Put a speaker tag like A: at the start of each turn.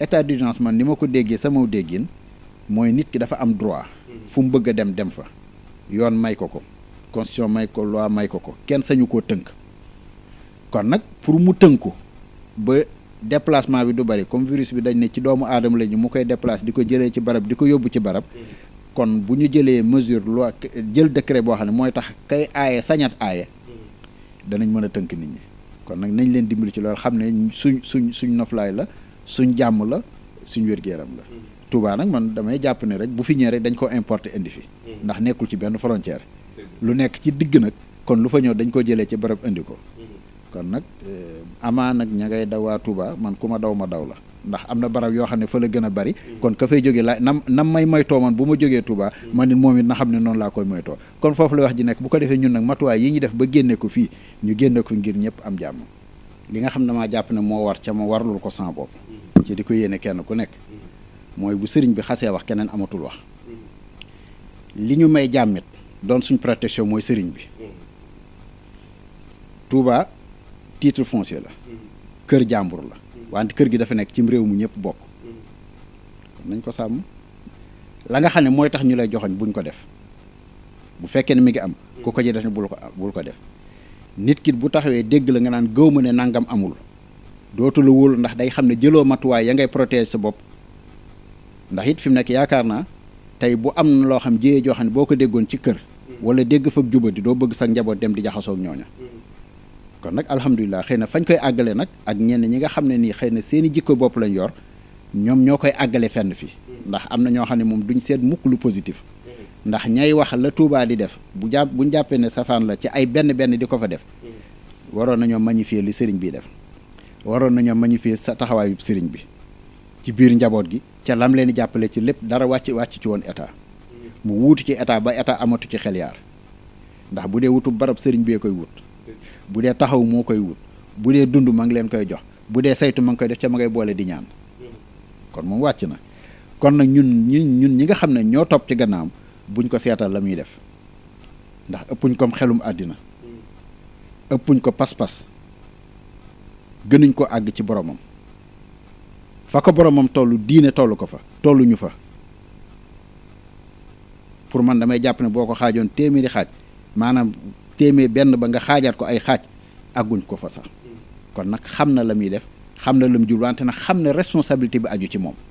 A: état d'urgence man ni ma ko déggee sama déggin mooy nit ki dafa am droit fu mu bëgg a dem dem fa yoon may ko ko constitution may ko loi may ko ko kenn sañu koo tënk kon nag pour mu tënku ba déplacement bi du bari comme virus bi dañ ne ci doomu aadama lañu mu koy déplacer di ko jëlee ci barab di ko yóbbu ci barab kon bu ñu jëlee mesure loi jël décret boo xam ne mooy tax kay aaye sañaat aaye danañ mën a tënk nit ñi kon nag nañ leen dimbali ci loolu xam ne suñ suñ suñ noflaay la suñ jàmm la suñ wér-gu-yaram la mm-hmm. Touba nag man damay jàpp ne rek bu fi ñëwee rek dañ ko importer indi fi mm-hmm. ndax nekkul ci benn frontière lu nekk ci digg nag kon lu fa ñëw dañ ko jëlee ci barab indi ko mm-hmm. kon nag eh, amaa nag ña ngay daw waa Touba man ku ma daw ma daw la ndax am na barab yoo xam ne fa la gën bari kon ka fay jógee laa nam nam may moytoo man bu ma jógee Touba man nit moom it na xam ne noonu laa koy moytoo kon foofu la wax ji nekk bu ko defee ñun nag matuwaay yi ñu def ba génne ko fii ñu génne ko ngir ñëpp am jàmm li nga xam ne maa jàpp ne moo war ca ma warlul ko sans bopp ci di ko yéene kenn ku nekk mooy bu sëriñ bi xasee wax keneen amatul wax li ñu may jàmmit doon suñ protection mooy sëriñ bi Touba titre foncier la kër jàmbur la wante kër gi dafa nekk cim réew mi ñëpp bokk kon nañ ko sàmm la nga xam ne mooy tax ñu lay joxoñ buñ ko def bu fekkee ne mi ngi am ku ko ci def ne bul ko bul ko def nit ki bu taxawee dégg la nga naan gëw ma ne nangam amul dootu la wóolu ndax day xam ne jëloo matuwaay ya ngay protéger sa bopp ndax it fi mu nekk yaakaar naa tey bu am na loo xam jiyee joo xam ne boo ko déggoon ci kër wala dégg fa jubadi doo bëgg sa njaboot dem di jaxasoog ñooña kon nag alhamdulilah xëy na fañ koy àggale nag ak ñenn ñi nga xam ne nii xëy na seen i jikko bopp lañ yor ñoom ñoo koy àggale fenn fi ndax am na ñoo xam ne moom duñ seet mukk lu positif ndax ñay wax la tuubaa di def bu jàpp buñ jàppee ne safaan la ci ay benn benn di ko fa def waroon nañoo magnifier li sëriñ bi def waroon nañu nañoo magnifier sa taxawaayu sëriñ bi ci biir njaboot gi ca lam leen di jàppale ci lépp dara wàcc wàcc ci woon état mu wuutu ci état ba état amatu ci xel yaar ndax bu dee wutu barab sëriñ bee koy wut bu dee taxaw moo koy wut bu dee dund ma ngi leen koy jox bu dee saytu ma ngi koy def ca ma ngay boole di ñaan kon moom wàcc na kon nag ñun ñun ñun ñi nga xam ne ñoo topp ci gannaam buñ ko seetal la muy def ndax ëppuñ ko xelum àddina ëppuñ ko pas-pas gënuñ ko àgg ci boromam fa ko boromam toll diine tollu ko fa tolluñu fa pour man damay jàpp ne boo ko xaajoon téeméeri xaaj maanaam téeméer benn ba nga xaajaat ko ay xaaj àgguñ ko fa sax kon nag xam na la muy def xam na la mu jublu wante nag xam ne responsabilité bi aju ci moom